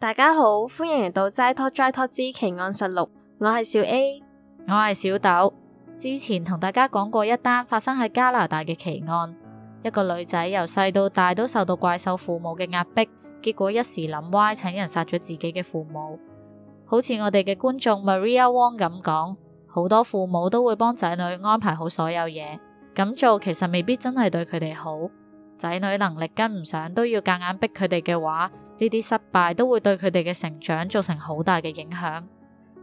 大家好，歡迎嚟到齋拖齋拖之奇案實錄。我係小 A，我係小豆。之前同大家講過一單發生喺加拿大嘅奇案，一個女仔由細到大都受到怪獸父母嘅壓迫，結果一時諗歪，請人殺咗自己嘅父母。好似我哋嘅觀眾 Maria Wong 咁講，好多父母都會幫仔女安排好所有嘢，咁做其實未必真係對佢哋好。仔女能力跟唔上，都要夾硬逼佢哋嘅話，呢啲失敗都會對佢哋嘅成長造成好大嘅影響，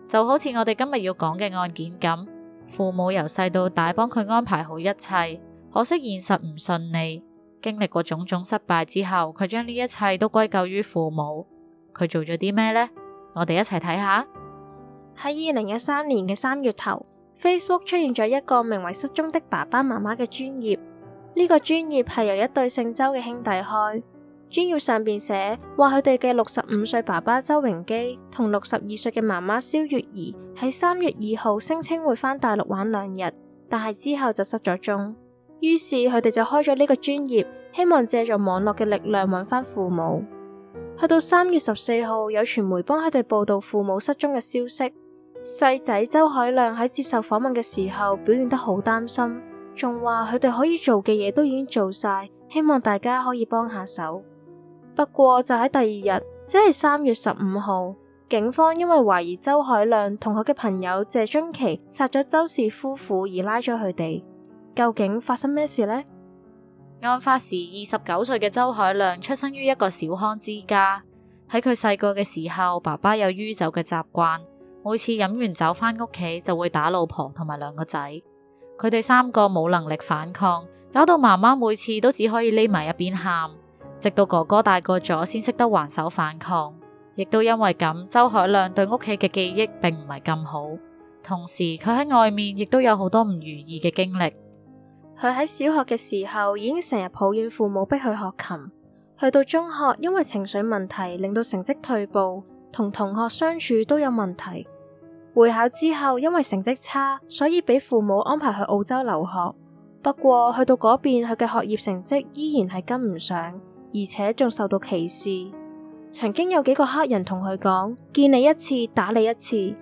就好似我哋今日要講嘅案件咁。父母由細到大幫佢安排好一切，可惜現實唔順利。經歷過種種失敗之後，佢將呢一切都歸咎於父母。佢做咗啲咩呢？我哋一齊睇下。喺二零一三年嘅三月頭，Facebook 出現咗一個名為《失蹤的爸爸媽媽》嘅專頁。呢個專頁係由一對姓周嘅兄弟開。專頁上邊寫話佢哋嘅六十五歲爸爸周榮基同六十二歲嘅媽媽蕭月兒喺三月二號聲稱會返大陸玩兩日，但係之後就失咗蹤。於是佢哋就開咗呢個專頁，希望借助網絡嘅力量揾翻父母。去到三月十四號，有傳媒幫佢哋報道父母失蹤嘅消息。細仔周凱亮喺接受訪問嘅時候表現得好擔心，仲話佢哋可以做嘅嘢都已經做晒，希望大家可以幫下手。不過就喺第二日，即係三月十五號，警方因為懷疑周凱亮同佢嘅朋友謝津琪殺咗周氏夫婦而拉咗佢哋。究竟發生咩事呢？案發時，二十九歲嘅周凱亮出生於一個小康之家。喺佢細個嘅時候，爸爸有酗酒嘅習慣，每次飲完酒返屋企就會打老婆同埋兩個仔。佢哋三個冇能力反抗，搞到媽媽每次都只可以匿埋一邊喊。直到哥哥大個咗，先識得還手反抗，亦都因為咁，周凱亮對屋企嘅記憶並唔係咁好。同時，佢喺外面亦都有好多唔如意嘅經歷。佢喺小學嘅時候已經成日抱怨父母逼佢學琴，去到中學因為情緒問題令到成績退步，同同學相處都有問題。會考之後，因為成績差，所以俾父母安排去澳洲留學。不過去到嗰邊，佢嘅學業成績依然係跟唔上。而且仲受到歧視，曾經有幾個黑人同佢講：見你一次打你一次。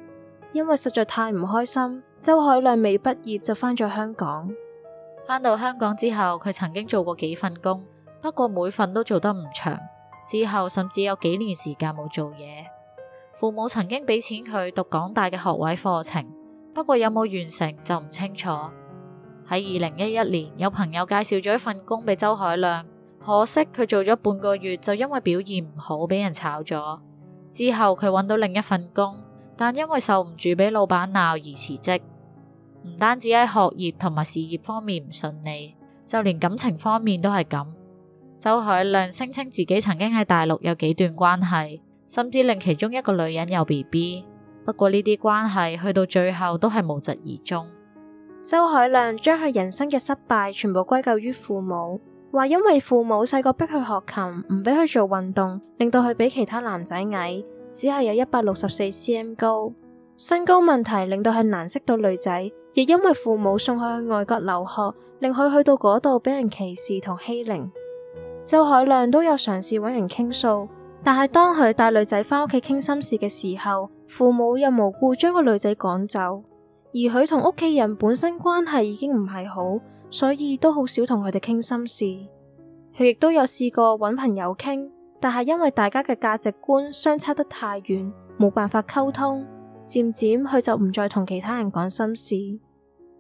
因為實在太唔開心，周凱亮未畢業就返咗香港，返到香港之後，佢曾經做過幾份工，不過每份都做得唔長。之後甚至有幾年時間冇做嘢。父母曾經俾錢佢讀港大嘅學位課程，不過有冇完成就唔清楚。喺二零一一年，有朋友介紹咗一份工俾周凱亮。可惜佢做咗半個月就因為表現唔好俾人炒咗。之後佢揾到另一份工，但因為受唔住俾老闆鬧而辭職。唔單止喺學業同埋事業方面唔順利，就連感情方面都係咁。周凱亮聲稱自己曾經喺大陸有幾段關係，甚至令其中一個女人有 B B。不過呢啲關係去到最後都係無疾而終。周凱亮將佢人生嘅失敗全部歸咎於父母。話因為父母細個逼佢學琴，唔俾佢做運動，令到佢比其他男仔矮，只係有一百六十四 cm 高。身高問題令到佢難識到女仔，亦因為父母送佢去外國留學，令佢去到嗰度俾人歧視同欺凌。周凱亮都有嘗試揾人傾訴，但係當佢帶女仔返屋企傾心事嘅時候，父母又無故將個女仔趕走，而佢同屋企人本身關係已經唔係好。所以都好少同佢哋傾心事。佢亦都有試過揾朋友傾，但係因為大家嘅價值觀相差得太遠，冇辦法溝通。漸漸佢就唔再同其他人講心事，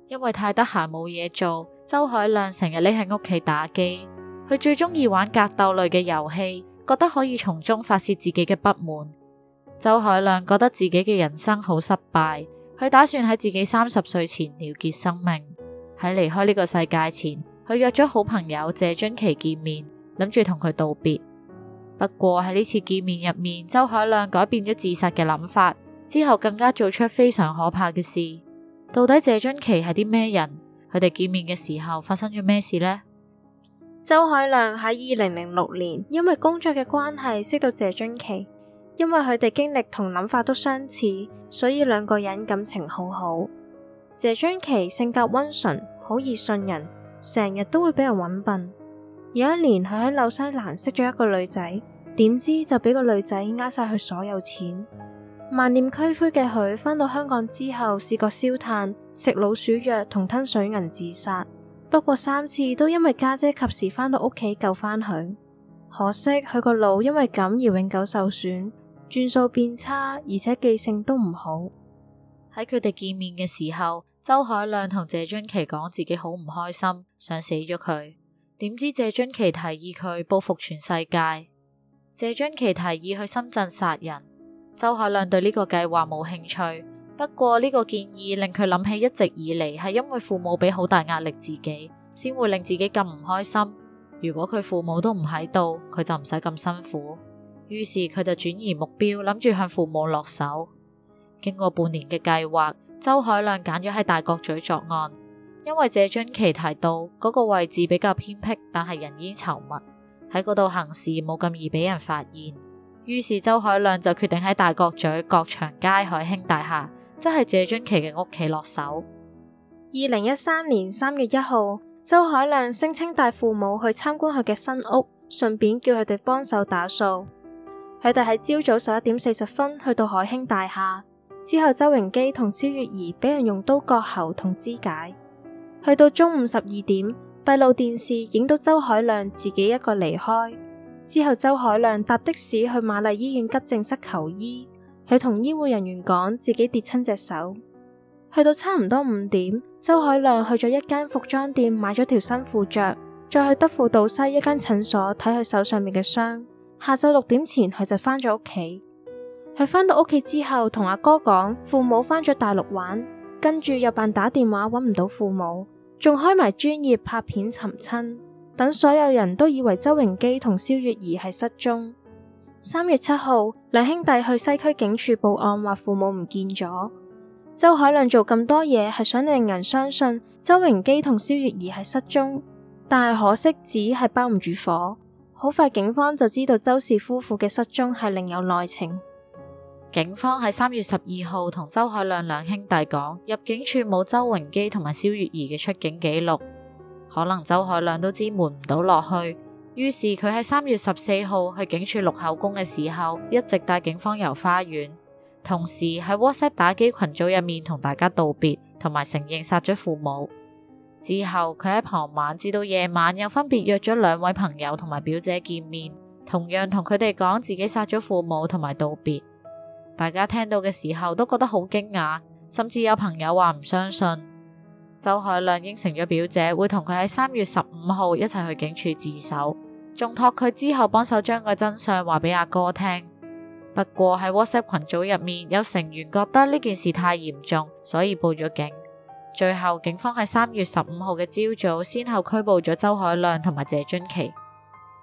因為太得閒冇嘢做。周凱亮成日匿喺屋企打機，佢最中意玩格鬥類嘅遊戲，覺得可以從中發泄自己嘅不滿。周凱亮覺得自己嘅人生好失敗，佢打算喺自己三十歲前了結生命。喺離開呢個世界前，佢約咗好朋友謝津琪見面，諗住同佢道別。不過喺呢次見面入面，周凱亮改變咗自殺嘅諗法，之後更加做出非常可怕嘅事。到底謝津琪係啲咩人？佢哋見面嘅時候發生咗咩事呢？周凱亮喺二零零六年因為工作嘅關係識到謝津琪，因為佢哋經歷同諗法都相似，所以兩個人感情好好。謝春琪性格溫順，好易信人，成日都會俾人揾笨。有一年，佢喺紐西蘭識咗一個女仔，點知就俾個女仔呃晒佢所有錢。萬念俱灰嘅佢，返到香港之後，試過燒炭、食老鼠藥同吞水銀自殺，不過三次都因為家姐，姐及時返到屋企救返佢。可惜佢個腦因為咁而永久受損，轉數變差，而且記性都唔好。喺佢哋見面嘅時候，周凱亮同謝尊琪講自己好唔開心，想死咗佢。點知謝尊琪提議佢報復全世界。謝尊琪提議去深圳殺人。周凱亮對呢個計劃冇興趣，不過呢個建議令佢諗起一直以嚟係因為父母俾好大壓力自己，先會令自己咁唔開心。如果佢父母都唔喺度，佢就唔使咁辛苦。於是佢就轉移目標，諗住向父母落手。經過半年嘅計劃，周凱亮揀咗喺大角咀作案，因為謝津琪提到嗰個位置比較偏僻，但係人煙稠密，喺嗰度行事冇咁易俾人發現。於是周凱亮就決定喺大角咀角祥街海興大廈，即係謝津琪嘅屋企落手。二零一三年三月一號，周凱亮聲稱帶父母去參觀佢嘅新屋，順便叫佢哋幫手打掃。佢哋喺朝早十一點四十分去到海興大廈。之後，周榮基同蕭月兒俾人用刀割喉同肢解。去到中午十二點，閉路電視影到周凱亮自己一個離開。之後，周凱亮搭的士去瑪麗醫院急症室求醫。佢同醫護人員講自己跌親隻手。去到差唔多五點，周凱亮去咗一間服裝店買咗條新褲着，再去德輔道西一間診所睇佢手上面嘅傷。下晝六點前，佢就翻咗屋企。喺返到屋企之後，同阿哥講父母返咗大陸玩，跟住又扮打電話揾唔到父母，仲開埋專頁拍片尋親。等所有人都以為周榮基同蕭月兒係失蹤。三月七號，兩兄弟去西區警署報案，話父母唔見咗。周凱亮做咁多嘢係想令人相信周榮基同蕭月兒係失蹤，但係可惜紙係包唔住火，好快警方就知道周氏夫婦嘅失蹤係另有內情。警方喺三月十二號同周凱亮兩兄弟講，入境處冇周榮基同埋蕭月兒嘅出境記錄，可能周凱亮都知瞞唔到落去，於是佢喺三月十四號去警署錄口供嘅時候，一直帶警方遊花園，同時喺 WhatsApp 打機群組入面同大家道別，同埋承認殺咗父母。之後佢喺傍晚至到夜晚又分別約咗兩位朋友同埋表姐見面，同樣同佢哋講自己殺咗父母，同埋道別。大家聽到嘅時候都覺得好驚訝，甚至有朋友話唔相信。周凱亮應承咗表姐會同佢喺三月十五號一齊去警署自首，仲託佢之後幫手將個真相話俾阿哥聽。不過喺 WhatsApp 群組入面，有成員覺得呢件事太嚴重，所以報咗警。最後警方喺三月十五號嘅朝早先後拘捕咗周凱亮同埋謝俊琪。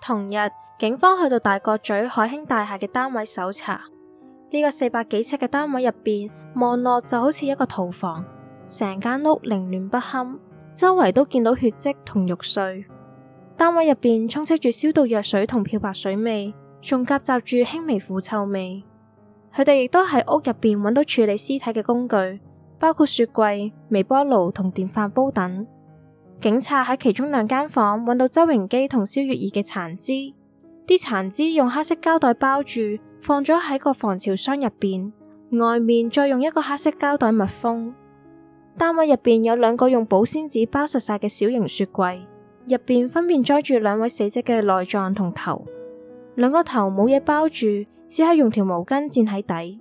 同日，警方去到大角咀海興大廈嘅單位搜查。呢個四百幾尺嘅單位入邊望落就好似一個屠房，成間屋凌亂不堪，周圍都見到血跡同肉碎。單位入邊充斥住消毒藥水同漂白水味，仲夾雜住輕微腐臭味。佢哋亦都喺屋入邊揾到處理屍體嘅工具，包括雪櫃、微波爐同電飯煲等。警察喺其中兩間房揾到周榮基同肖月兒嘅殘肢，啲殘肢用黑色膠袋包住，放咗喺個防潮箱入邊，外面再用一個黑色膠袋密封。單位入邊有兩個用保鮮紙包實晒嘅小型雪櫃，入邊分別裝住兩位死者嘅內臟同頭。兩個頭冇嘢包住，只係用條毛巾墊喺底。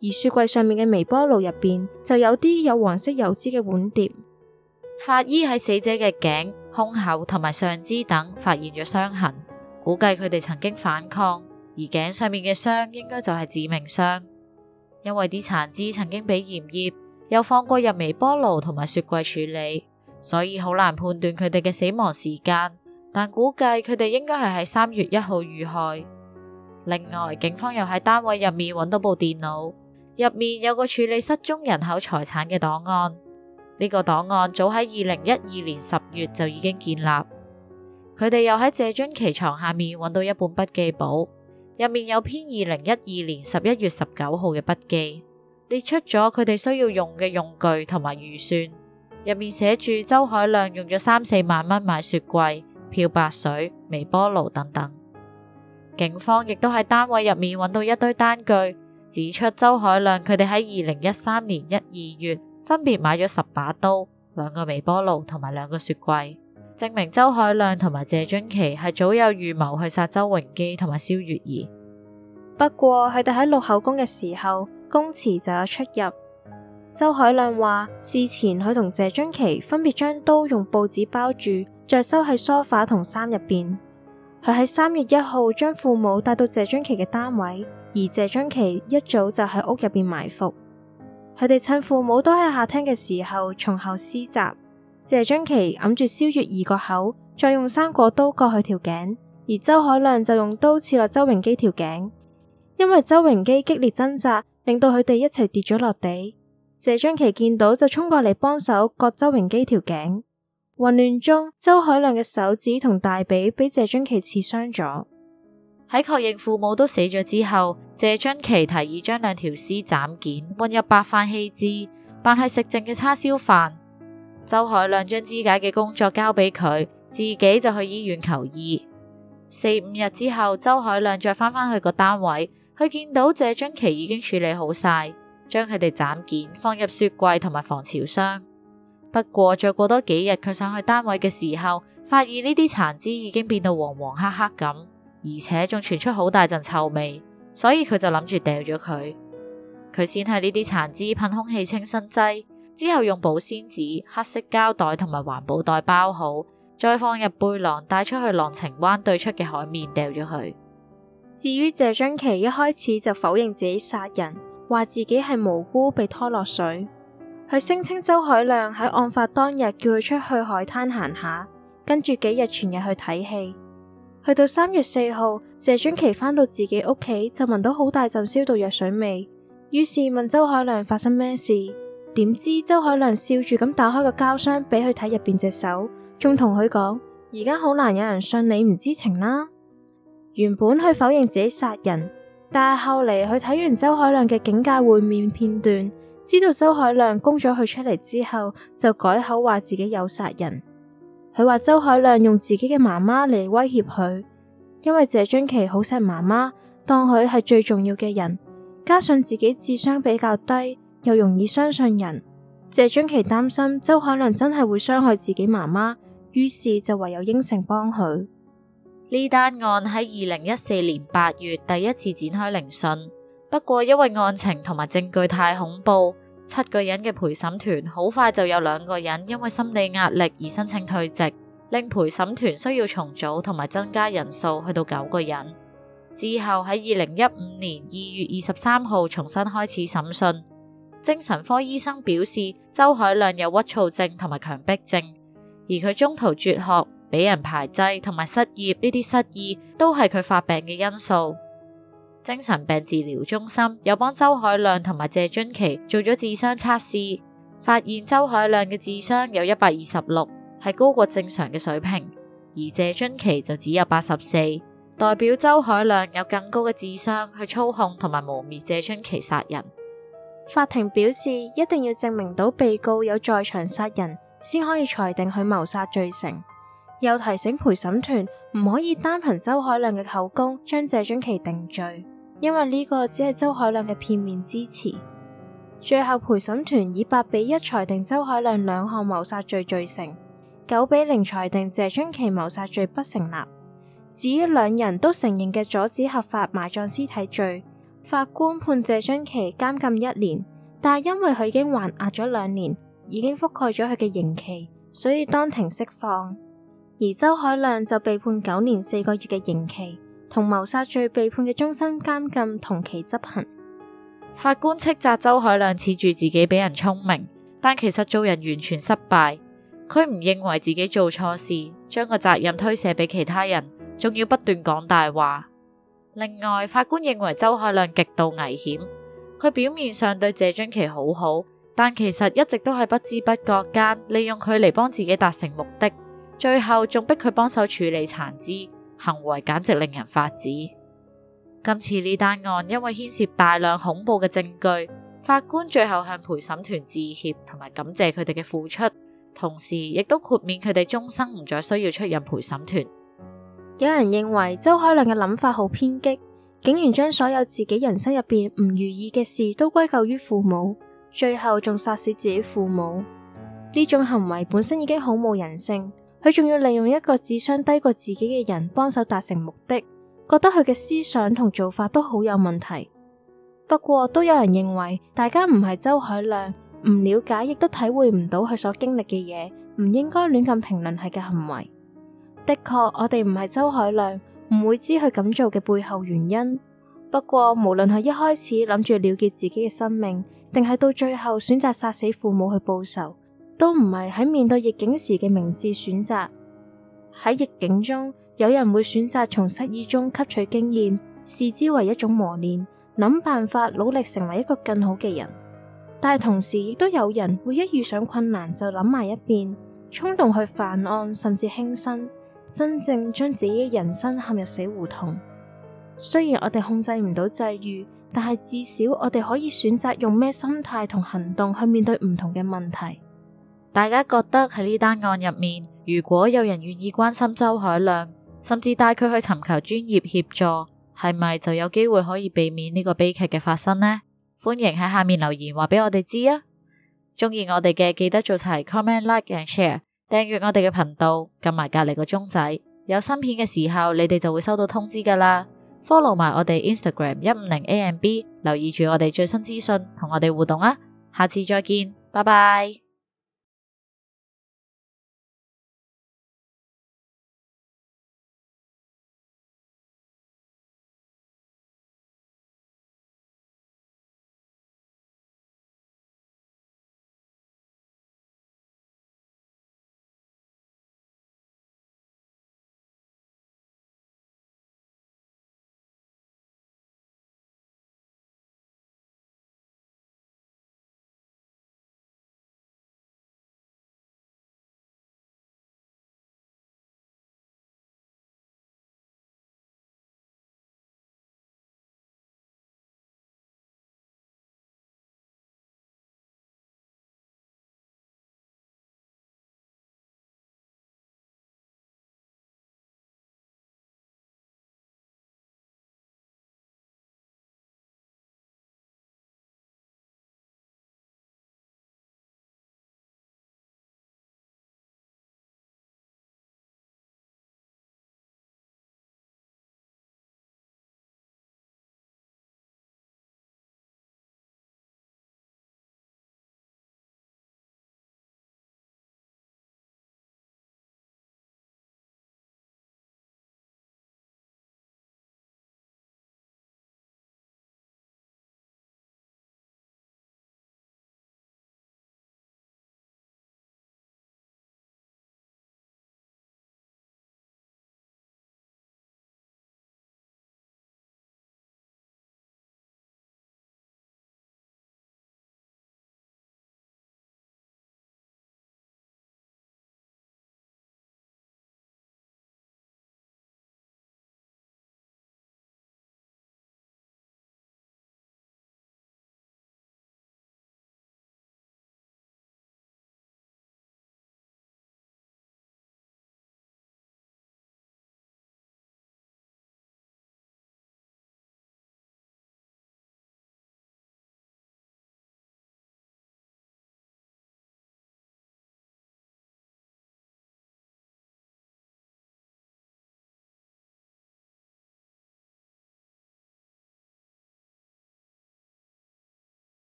而雪櫃上面嘅微波爐入邊就有啲有黃色油脂嘅碗碟。法醫喺死者嘅頸、胸口同埋上肢等發現咗傷痕，估計佢哋曾經反抗。而頸上面嘅傷應該就係致命傷，因為啲殘肢曾經被鹽醃，又放過入微波爐同埋雪櫃處理，所以好難判斷佢哋嘅死亡時間。但估計佢哋應該係喺三月一號遇害。另外，警方又喺單位入面揾到部電腦，入面有個處理失蹤人口財產嘅檔案。呢個檔案早喺二零一二年十月就已經建立。佢哋又喺謝津奇床下面揾到一本筆記簿。入面有篇二零一二年十一月十九號嘅筆記，列出咗佢哋需要用嘅用具同埋預算。入面寫住周凱亮用咗三四萬蚊買雪櫃、漂白水、微波爐等等。警方亦都喺單位入面揾到一堆單據，指出周凱亮佢哋喺二零一三年一二月分別買咗十把刀、兩個微波爐同埋兩個雪櫃。證明周凱亮同埋謝津琪係早有預謀去殺周榮基同埋蕭月兒。不過佢哋喺錄口供嘅時候，供詞就有出入。周凱亮話事前佢同謝津琪分別將刀用報紙包住，再收喺梳化同衫入邊。佢喺三月一號將父母帶到謝津琪嘅單位，而謝津琪一早就喺屋入邊埋伏。佢哋趁父母都喺客廳嘅時候，從後施襲。謝臻琪揞住蕭月兒個口，再用生果刀割佢條頸，而周凱亮就用刀刺落周榮基條頸。因為周榮基激烈掙扎，令到佢哋一齊跌咗落地。謝臻琪見到就衝過嚟幫手割周榮基條頸。混亂中，周凱亮嘅手指同大髀被謝臻琪刺傷咗。喺確認父母都死咗之後，謝臻琪提議將兩條屍斬件混入白飯棄置，扮係食剩嘅叉燒飯。周凱亮將肢解嘅工作交俾佢，自己就去醫院求醫。四五日之後，周凱亮再返返去個單位，佢見到謝津琪已經處理好晒，將佢哋斬件放入雪櫃同埋防潮箱。不過再過多幾日，佢上去單位嘅時候，發現呢啲殘肢已經變到黃黃黑黑咁，而且仲傳出好大陣臭味，所以佢就諗住掉咗佢。佢先喺呢啲殘肢噴空氣清新劑。之後用保鮮紙、黑色膠袋同埋環保袋包好，再放入背囊帶出去浪情灣對出嘅海面掉咗去。至於謝津琪一開始就否認自己殺人，話自己係無辜被拖落水。佢聲稱周凱亮喺案發當日叫佢出去海灘行下，跟住幾日全日去睇戲。去到三月四號，謝津琪返到自己屋企就聞到好大陣消毒藥水味，於是問周凱亮發生咩事。點知周凱亮笑住咁打開個膠箱俾佢睇入邊隻手，仲同佢講：而家好難有人信你唔知情啦。原本佢否認自己殺人，但係後嚟佢睇完周凱亮嘅警戒會面片段，知道周凱亮供咗佢出嚟之後，就改口話自己有殺人。佢話周凱亮用自己嘅媽媽嚟威脅佢，因為謝津琪好錫媽媽，當佢係最重要嘅人，加上自己智商比較低。又容易相信人，謝張琪擔心周凱亮真係會傷害自己媽媽，於是就唯有應承幫佢。呢單案喺二零一四年八月第一次展開聆訊，不過因為案情同埋證據太恐怖，七個人嘅陪審團好快就有兩個人因為心理壓力而申請退席，令陪審團需要重組同埋增加人數去到九個人。之後喺二零一五年二月二十三號重新開始審訊。精神科醫生表示，周凱亮有鬱躁症同埋強迫症，而佢中途輟學、俾人排擠同埋失業，呢啲失意都係佢發病嘅因素。精神病治療中心又幫周凱亮同埋謝津琪做咗智商測試，發現周凱亮嘅智商有一百二十六，係高過正常嘅水平，而謝津琪就只有八十四，代表周凱亮有更高嘅智商去操控同埋磨滅謝津琪殺人。法庭表示一定要證明到被告有在場殺人，先可以裁定佢謀殺罪成。又提醒陪審團唔可以單憑周凱亮嘅口供將謝臻麒定罪，因為呢個只係周凱亮嘅片面之詞。最後陪審團以八比一裁定周凱亮兩項謀殺罪罪成，九比零裁定謝臻麒謀殺罪不成立。至於兩人都承認嘅阻止合法埋葬屍體罪。法官判謝君其監禁一年，但係因為佢已經還押咗兩年，已經覆蓋咗佢嘅刑期，所以當庭釋放。而周凱亮就被判九年四個月嘅刑期，同謀殺罪被判嘅終身監禁同期執行。法官斥責周凱亮恃住自己俾人聰明，但其實做人完全失敗。佢唔認為自己做錯事，將個責任推卸俾其他人，仲要不斷講大話。另外，法官認為周凱亮極度危險。佢表面上對謝津琪好好，但其實一直都係不知不覺間利用佢嚟幫自己達成目的。最後仲逼佢幫手處理殘肢，行為簡直令人髮指。今次呢單案因為牽涉大量恐怖嘅證據，法官最後向陪審團致歉同埋感謝佢哋嘅付出，同時亦都豁免佢哋終生唔再需要出任陪審團。有人認為周凱亮嘅諗法好偏激，竟然將所有自己人生入邊唔如意嘅事都歸咎於父母，最後仲殺死自己父母。呢種行為本身已經好冇人性，佢仲要利用一個智商低過自己嘅人幫手達成目的，覺得佢嘅思想同做法都好有問題。不過都有人認為，大家唔係周凱亮，唔了解亦都體會唔到佢所經歷嘅嘢，唔應該亂咁評論佢嘅行為。的確，我哋唔係周凱亮，唔會知佢咁做嘅背後原因。不過，無論係一開始諗住了結自己嘅生命，定係到最後選擇殺死父母去報仇，都唔係喺面對逆境時嘅明智選擇。喺逆境中，有人會選擇從失意中吸取經驗，視之為一種磨練，諗辦法努力成為一個更好嘅人。但係同時亦都有人會一遇上困難就諗埋一邊，衝動去犯案，甚至輕生。真正將自己嘅人生陷入死胡同。雖然我哋控制唔到際遇，但係至少我哋可以選擇用咩心態同行動去面對唔同嘅問題。大家覺得喺呢單案入面，如果有人願意關心周凱亮，甚至帶佢去尋求專業協助，係咪就有機會可以避免呢個悲劇嘅發生呢？歡迎喺下面留言話俾我哋知啊！鍾意我哋嘅記得做齊 comment、like and share。訂閱我哋嘅頻道，撳埋隔籬個鐘仔，有新片嘅時候，你哋就會收到通知㗎喇。Follow 埋我哋 Instagram 一五零 AMB，留意住我哋最新資訊，同我哋互動啊！下次再見，拜拜。